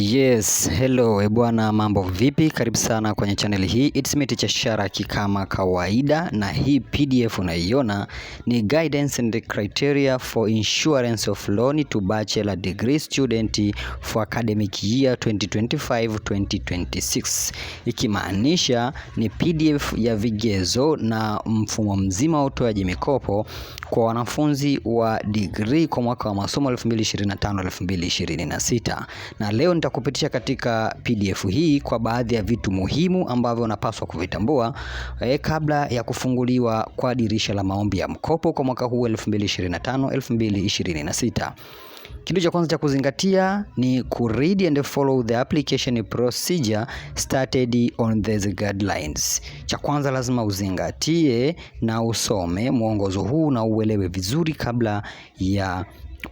Yes, hello ebwana, eh, mambo vipi? Karibu sana kwenye channel hii, it's me teacher Sharaki kama kawaida, na hii PDF unaiona ni guidance and criteria for insurance of loan to bachelor degree student for academic year 2025-2026, ikimaanisha ni PDF ya vigezo na mfumo mzima wa utoaji mikopo kwa wanafunzi wa degree kwa mwaka wa masomo 2025-2026 na leo nitakupitisha katika PDF hii kwa baadhi ya vitu muhimu ambavyo unapaswa kuvitambua e, kabla ya kufunguliwa kwa dirisha la maombi ya mkopo kwa mwaka huu 2025 2026. Kitu cha kwanza cha kuzingatia ni ku read and follow the application procedure started on these guidelines. Cha kwanza lazima uzingatie na usome mwongozo huu na uelewe vizuri kabla ya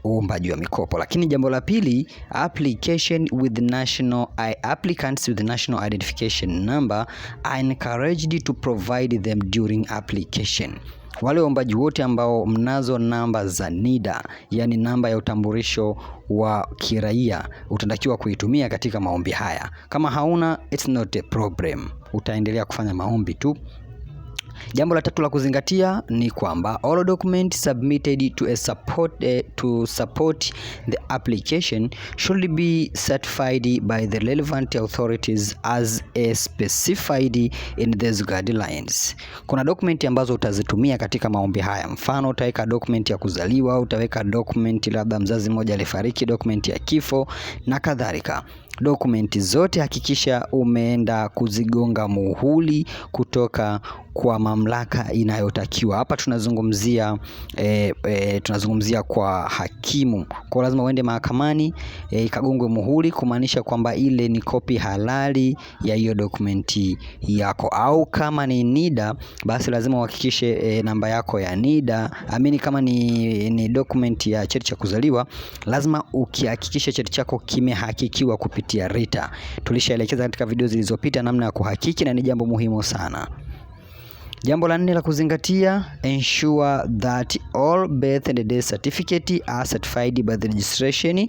uombaji wa mikopo. Lakini jambo la pili, application with national I, applicants with national identification number are encouraged to provide them during application. Wale waombaji wote ambao mnazo namba za NIDA, yani namba ya utambulisho wa kiraia, utatakiwa kuitumia katika maombi haya. Kama hauna, it's not a problem, utaendelea kufanya maombi tu. Jambo la tatu la kuzingatia ni kwamba all documents submitted to a support, uh, to support the application should be certified by the relevant authorities as specified in these guidelines. Kuna dokumenti ambazo utazitumia katika maombi haya, mfano utaweka dokumenti ya kuzaliwa, utaweka dokumenti labda mzazi mmoja alifariki, dokumenti ya kifo na kadhalika. Dokumenti zote hakikisha umeenda kuzigonga muhuli kutoka kwa mamlaka inayotakiwa. Hapa tunazungumzia e, e, tunazungumzia kwa hakimu. Kwa lazima uende mahakamani e, ikagongwe muhuri kumaanisha kwamba ile ni kopi halali ya hiyo dokumenti yako, au kama ni NIDA basi lazima uhakikishe e, namba yako ya NIDA. Amini kama ni, ni dokumenti ya cheti cha kuzaliwa lazima ukihakikisha cheti chako kimehakikiwa kupitia kupitia RITA. Tulishaelekeza katika video zilizopita namna ya kuhakiki na ni jambo muhimu sana. Jambo la nne la kuzingatia, ensure that all birth and death certificate are certified by the registration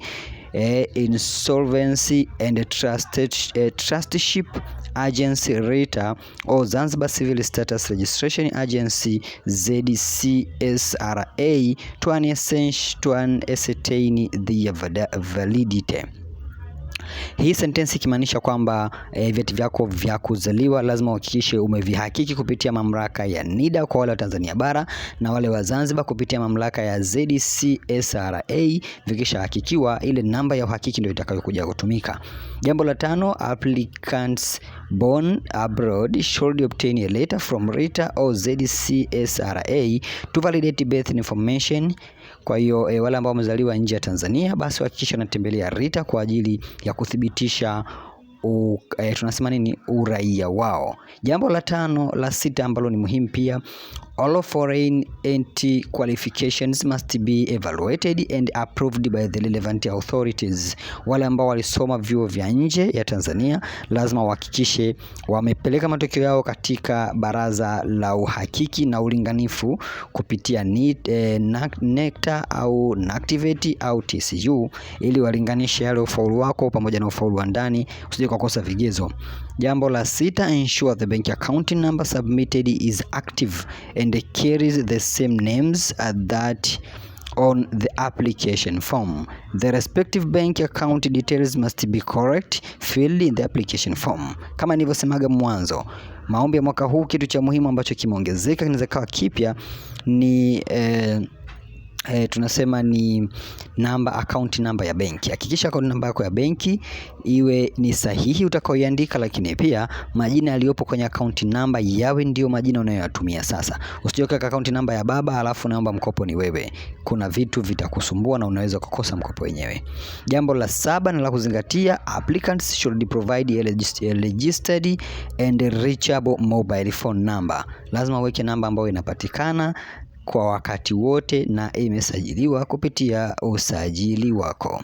eh, insolvency and trusted, eh, trusteeship agency RITA or Zanzibar Civil Status Registration Agency ZCSRA to, an to ascertain the validity. Hii sentensi ikimaanisha kwamba e, vyeti vyako vya kuzaliwa lazima uhakikishe umevihakiki kupitia mamlaka ya NIDA kwa wale wa Tanzania bara na wale wa Zanzibar kupitia mamlaka ya ZCSRA. Vikishahakikiwa, ile namba ya uhakiki ndio itakayokuja kutumika. Jambo la tano, applicants born abroad should obtain a letter from RITA or ZCSRA to validate birth information kwa hiyo e, wale ambao wamezaliwa nje ya Tanzania basi hakikisha unatembelea RITA kwa ajili ya kuthibitisha U, e, tunasema nini uraia wao. Jambo la tano la sita ambalo ni muhimu pia All foreign entry qualifications must be evaluated and approved by the relevant authorities. Wale ambao walisoma vyuo vya nje ya Tanzania lazima wahakikishe wamepeleka matokeo yao katika baraza la uhakiki na ulinganifu kupitia NEET, eh, NECTA e au NACTIVATE au TCU ili walinganishe yale ufaulu wako pamoja na ufaulu wa ndani usije kukosa vigezo. Jambo la sita, ensure the bank account number submitted is active and carries the same names as that on the application form. The respective bank account details must be correct filled in the application form. Kama nilivyosemaga mwanzo, maombi ya mwaka huu, kitu cha muhimu ambacho kimeongezeka kinaweza kawa kipya ni eh, eh, tunasema ni namba account namba ya benki. Hakikisha account namba yako ya benki iwe ni sahihi utakaoiandika, lakini pia majina yaliyopo kwenye account namba yawe ndio majina unayoyatumia. Sasa usijoke account namba ya baba alafu naomba mkopo ni wewe, kuna vitu vitakusumbua na unaweza kukosa mkopo wenyewe. Jambo la saba na la kuzingatia, applicants should provide a registered and reachable mobile phone number. Lazima uweke namba ambayo inapatikana kwa wakati wote na imesajiliwa kupitia usajili wako,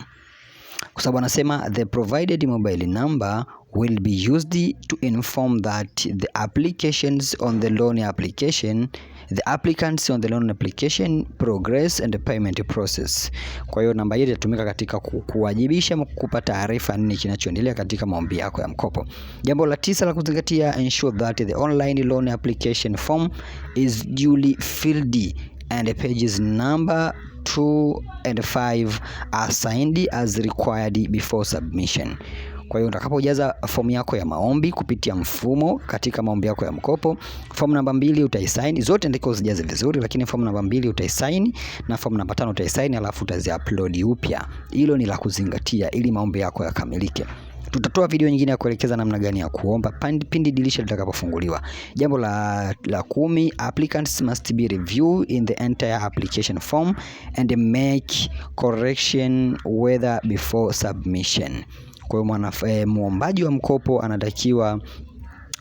kwa sababu anasema the provided mobile number will be used to inform that the applications on the loan application the applicants on the loan application progress and the payment process. Kwa hiyo namba hii itatumika katika kuwajibisha ama kukupa taarifa nini kinachoendelea katika maombi yako ya mkopo. Jambo la tisa la kuzingatia, ensure that the online loan application form is duly filled and the pages number 2 and 5 are signed as required before submission. Kwa hiyo utakapojaza fomu yako ya maombi kupitia mfumo katika maombi yako ya mkopo, fomu namba mbili utaisaini, zote ndiko uzijaze vizuri, lakini fomu namba mbili utaisaini na fomu namba tano utaisaini, alafu utaziupload upya. Hilo ni la kuzingatia ili maombi yako yakamilike. Tutatoa video nyingine ya kuelekeza namna gani ya kuomba pindi pindi dirisha litakapofunguliwa. Jambo la, la kumi, applicants must be reviewed in the entire application form and make correction whether before submission. Kwa hiyo muombaji eh, wa mkopo anatakiwa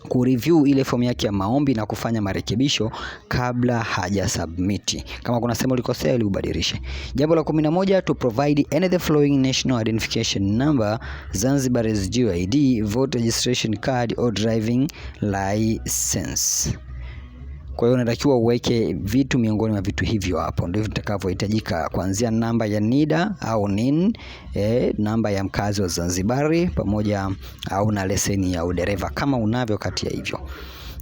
kureview ile fomu yake ya maombi na kufanya marekebisho kabla hajasubmiti. Kama kuna sehemu ulikosea ili ubadilishe. Jambo la 11 to provide any the following national identification number zanzibars GID, ID voter registration card or driving license. Kwa hiyo unatakiwa uweke vitu miongoni mwa vitu hivyo hapo, ndivyo vitakavyohitajika kuanzia namba ya NIDA au NIN, e, namba ya mkazi wa Zanzibari pamoja au na leseni ya udereva kama unavyo kati ya hivyo.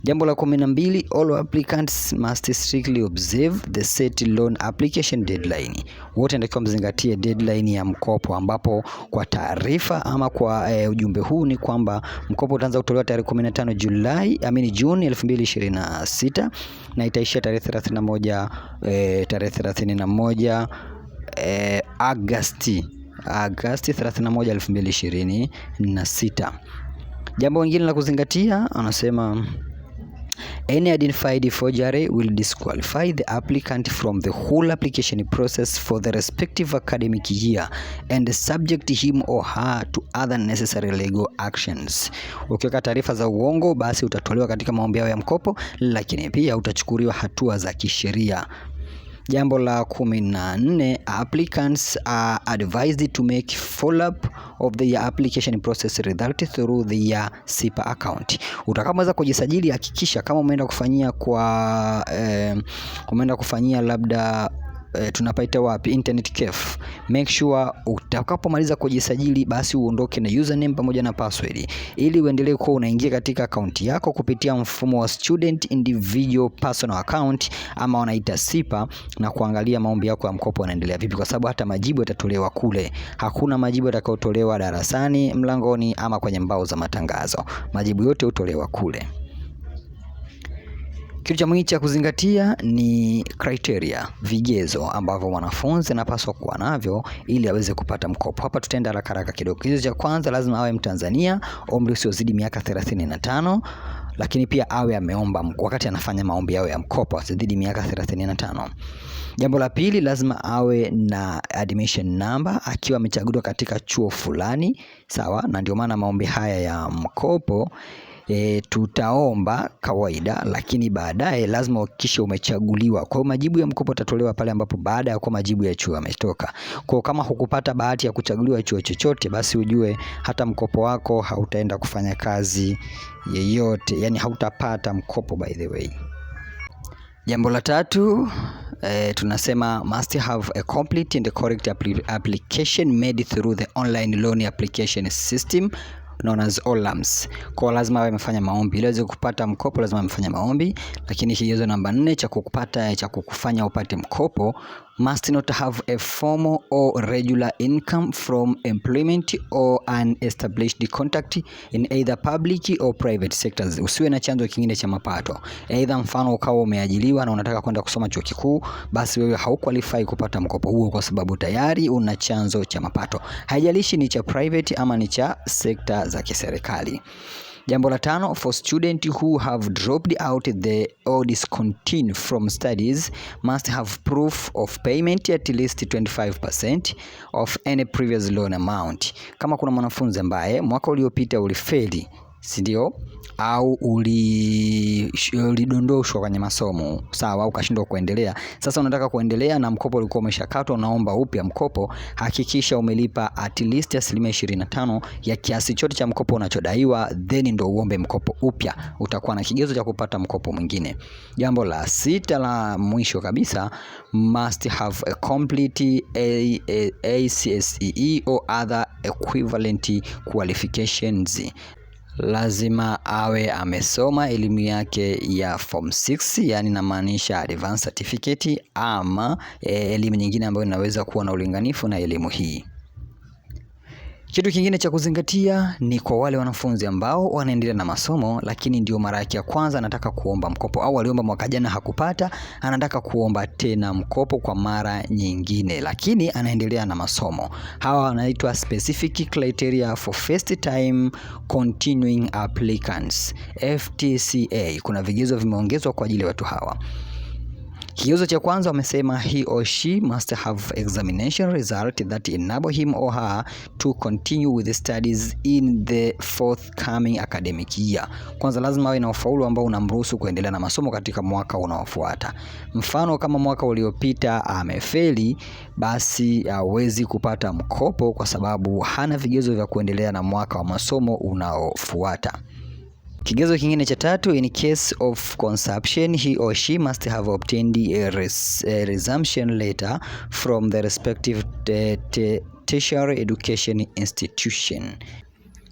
Jambo la kumi na mbili, all applicants must strictly observe the set loan application deadline. Wote natakiwa mzingatie deadline ya mkopo, ambapo kwa taarifa ama kwa e, ujumbe huu ni kwamba mkopo utaanza kutolewa tarehe 15 Julai, amini Juni 2026 na itaishia tarehe 31 e, eh, tarehe 31 e, Agosti Agosti 31, 2026. Jambo lingine la kuzingatia anasema Any identified forgery will disqualify the applicant from the whole application process for the respective academic year and subject him or her to other necessary legal actions. Ukiweka taarifa za uongo, basi utatolewa katika maombi yao ya mkopo, lakini pia utachukuliwa hatua za kisheria. Jambo la kumi na nne, applicants are advised to make follow up of the application process result through the SIPA account. Utakapoweza kujisajili, hakikisha kama umeenda kufanyia kwa eh, umeenda kufanyia labda e, tunapaita wapi internet cafe. Make sure utakapomaliza kujisajili, basi uondoke na username pamoja na password, ili uendelee kuwa unaingia katika akaunti yako kupitia mfumo wa student individual personal account ama wanaita SIPA, na kuangalia maombi yako ya mkopo yanaendelea vipi, kwa sababu hata majibu yatatolewa kule. Hakuna majibu yatakayotolewa darasani, mlangoni ama kwenye mbao za matangazo. Majibu yote hutolewa kule. Kitu cha muhimu cha kuzingatia ni criteria, vigezo ambavyo mwanafunzi anapaswa kuwa navyo ili aweze kupata mkopo. Hapa tutaenda haraka haraka kidogo. Kigezo cha kwanza, lazima awe Mtanzania, umri usiozidi miaka 35 lakini pia awe ameomba wakati anafanya maombi yao ya mkopo asizidi miaka 35. Jambo la pili, lazima awe na admission number akiwa amechaguliwa katika chuo fulani, sawa, na ndio maana maombi haya ya mkopo E, tutaomba kawaida, lakini baadaye lazima uhakikishe umechaguliwa. Kwa hiyo majibu ya mkopo yatatolewa pale ambapo baada ya kuwa majibu ya chuo yametoka. Kwa hiyo kama hukupata bahati ya kuchaguliwa chuo chochote, basi ujue hata mkopo wako hautaenda kufanya kazi yeyote, yani hautapata mkopo by the way. Jambo la tatu e, tunasema must have a complete and correct application made through the online loan application system known as OLAMs. Kwa lazima awe amefanya maombi ili aweze kupata mkopo, lazima amefanya maombi. Lakini kigezo namba nne cha kukupata cha kukufanya upate mkopo must not have a formal or regular income from employment or an established contact in either public or private sectors. Usiwe na chanzo kingine cha mapato, aidha mfano ukawa umeajiliwa na unataka kwenda kusoma chuo kikuu, basi wewe haukwalifai kupata mkopo huo kwa sababu tayari una chanzo cha mapato, haijalishi ni cha private ama ni cha sekta za kiserikali. Jambo la tano, for student who have dropped out the or discontinued from studies must have proof of payment at least 25% of any previous loan amount. Kama kuna mwanafunzi ambaye mwaka uliopita ulifeli si ndio? Au ulidondoshwa kwenye masomo sawa, ukashindwa kuendelea. Sasa unataka kuendelea na mkopo ulikuwa umeshakatwa, unaomba upya mkopo. Hakikisha umelipa at least asilimia 25 ya kiasi chote cha mkopo unachodaiwa, then ndo uombe mkopo upya, utakuwa na kigezo cha kupata mkopo mwingine. Jambo la sita la mwisho kabisa, must have a complete ACSEE e or other equivalent qualifications lazima awe amesoma elimu yake ya form 6 yani namaanisha advanced certificate ama e, elimu nyingine ambayo inaweza kuwa na ulinganifu na elimu hii. Kitu kingine cha kuzingatia ni kwa wale wanafunzi ambao wanaendelea na masomo lakini ndio mara yake ya kwanza anataka kuomba mkopo au aliomba mwaka jana hakupata, anataka kuomba tena mkopo kwa mara nyingine, lakini anaendelea na masomo. Hawa wanaitwa specific criteria for first time continuing applicants FTCA. Kuna vigezo vimeongezwa kwa ajili ya watu hawa. Kiuzo cha kwanza wamesema he or she must have examination result that enable him or her to continue with the studies in the forthcoming academic year. Kwanza lazima awe na ufaulu ambao unamruhusu kuendelea na masomo katika mwaka unaofuata. Mfano, kama mwaka uliopita amefeli, basi hawezi kupata mkopo kwa sababu hana vigezo vya kuendelea na mwaka wa masomo unaofuata. Kigezo kingine cha tatu, in case of conception he or she must have obtained a, res, a resumption letter from the respective tertiary education institution.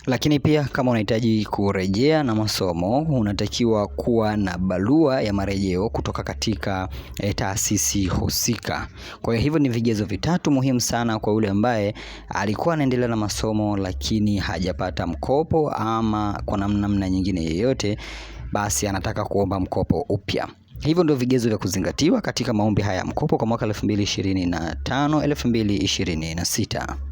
Lakini pia kama unahitaji kurejea na masomo, unatakiwa kuwa na barua ya marejeo kutoka katika e, taasisi husika. Kwa hiyo hivyo ni vigezo vitatu muhimu sana kwa yule ambaye alikuwa anaendelea na masomo lakini hajapata mkopo ama kwa namna nyingine yeyote, basi anataka kuomba mkopo upya. Hivyo ndio vigezo vya kuzingatiwa katika maombi haya ya mkopo kwa mwaka 2025 2026.